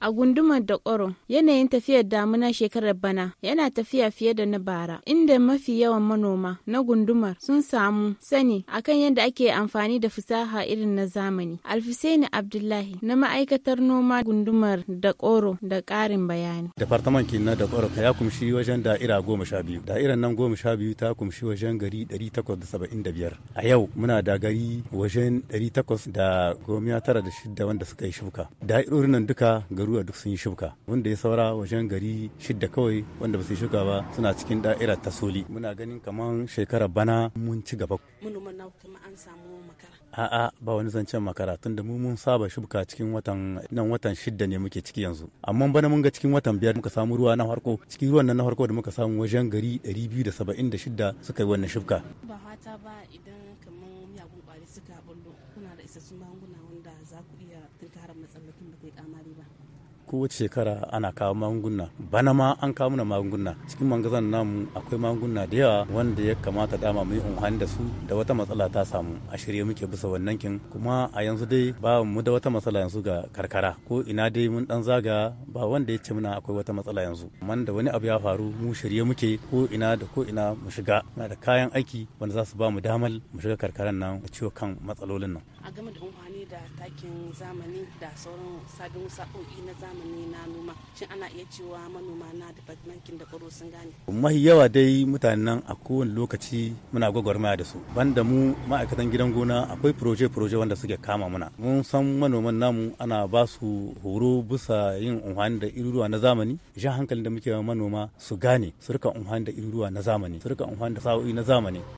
A gundumar da ƙoro, yanayin tafiyar damuna shekarar bana yana tafiya fiye da na bara, inda mafi yawan manoma na gundumar sun samu sani akan yadda ake amfani da fasaha irin na zamani. Alfisaini Abdullahi na ma'aikatar noma gundumar da ƙoro da ƙarin bayani. Departaman kinna da ƙoro ya kumshi wajen da'ira goma sha biyu. Da'irar nan goma sha biyu ta kumshi wajen gari ɗari takwas da saba'in da biyar. A yau muna da gari wajen ɗari takwas da goma tara da shida wanda suka yi shuka. Da'irorin nan duka garu. a duk sun yi shuka wanda ya saura wajen gari shidda kawai wanda ba su yi shuka ba suna cikin da'ira ta soli muna ganin kamar shekara bana mun ci gaba manoman na kuma an samu makara a'a ba wani zancen makara tunda mu mun saba shuka cikin watan nan watan shidda ne muke ciki yanzu amma bana mun ga cikin watan biyar muka samu ruwa na farko cikin ruwan nan na farko da muka samu wajen gari 276 suka yi wannan shuka ba fata ba idan kamar miyagun kwari suka bullo kuna da isassun magunguna wanda za ku iya tunkarar matsalolin da kai kamari ba kowace shekara ana kawo magunguna bana ma an kawo mana magunguna cikin mangazan namu akwai magunguna da yawa wanda ya kamata dama mu yi unhan da su da wata matsala ta samu a shirye muke bisa wannan kin kuma a yanzu dai ba mu da wata matsala yanzu ga karkara ko ina dai mun dan zaga ba wanda ya ce muna akwai wata matsala yanzu man da wani abu ya faru mu shirye muke ko ina da ko ina mu shiga na da kayan aiki wanda za su ba mu damar mu shiga karkaran nan ciwo kan matsalolin nan a game da da takin zamani da sauran sabon sa'o'i na zamani na noma shin ana iya cewa manoma na departmentin da kwaro sun gane mahi yawa dai mutanen nan a kowane lokaci muna gwagwarmaya da su banda mu ma'aikatan gidan gona akwai proje-proje wanda suke kama muna mun san manoman namu ana ba su horo bisa yin amfani da iruruwa na zamani jan hankalin da muke manoma su gane su rika amfani da iruruwa na zamani su rika amfani da sa'o'i na zamani